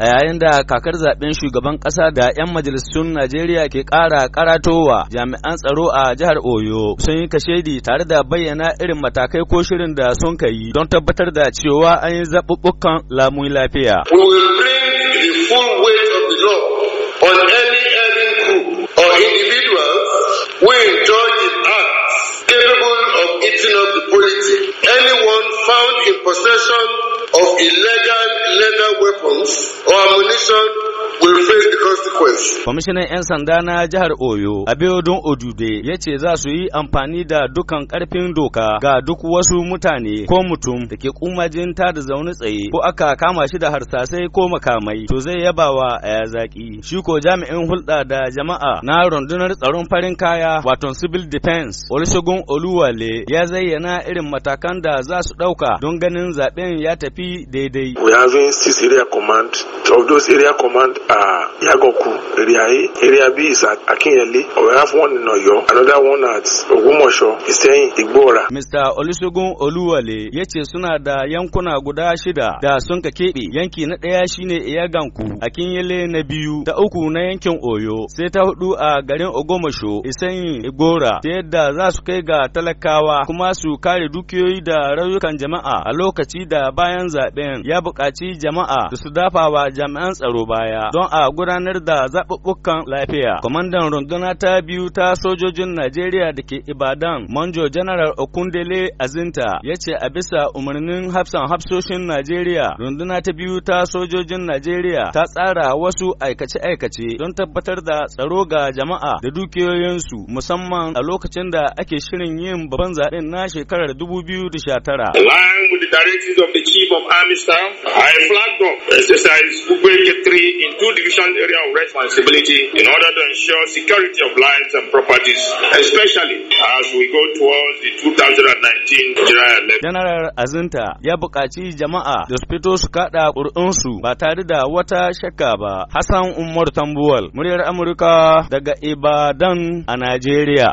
a yayin da kakar zaben shugaban kasa da 'yan majalisun Najeriya ke ƙara karatowa jami'an tsaro a jihar Oyo sun yi kashedi tare da bayyana irin matakai ko shirin da sun kai don tabbatar da cewa an yi zaɓuɓɓukan lamun lafiya. bring the full weight on any capable of eating up the policy. Anyone found in possession of illegal legal weapons or ammunition consequence. Kwamishinan 'yan sanda na jihar Oyo, Abiodun Odude, ya ce za su yi amfani da dukan karfin doka ga duk wasu mutane ko mutum da ke kumajin ta da zaune tsaye ko aka kama shi da harsasai ko makamai to zai yabawa a ya Shi ko jami'in hulɗa da jama'a na rundunar tsaron farin kaya wato civil defense Olusegun Oluwale ya zayyana irin matakan da za su ɗauka don ganin zaɓen ya tafi daidai. We having six area command. Of those area command are Yagoku. Oko area A. Area B is at Akinyele. We have one in Oyo, another one at Ogumosho, Iseyin, Igbora. Mr. Olusogun Oluwale ya ce suna da yankuna guda shida da sun ka keɓe. Yanki na ɗaya shine Iyaganku, Akinyele na biyu, ta uku na yankin Oyo, sai ta hudu a garin Ogomosho, isan Igbora, ta yadda za su kai ga talakawa kuma su kare dukiyoyi da rayukan jama'a a lokaci da bayan zaben ya buƙaci jama'a su dafa wa jami'an tsaro baya don a gudanar da zaɓuɓɓukan lafiya. Kwamandan runduna ta biyu ta sojojin Najeriya da ke Ibadan, Manjo janaral Okundele Azinta, ya ce a bisa umarnin hafsan hafsoshin Najeriya, runduna ta biyu ta sojojin Najeriya ta tsara wasu aikace-aikace don tabbatar da tsaro ga jama'a da dukiyoyinsu musamman a lokacin da ake shirin yin babban zaɓen na shekarar 2019. Aligned with the directives of the Chief of Army Staff, I flagged up exercise 3 in two division area of responsibility in order to ensure security of lives and properties, especially as we go towards the 2019 July election. General Azinta ya buƙaci jama'a da su fito su kaɗa ƙuri'unsu ba tare da wata shakka ba. Hassan Umar Tambuwal, muryar Amurka daga Ibadan a Najeriya.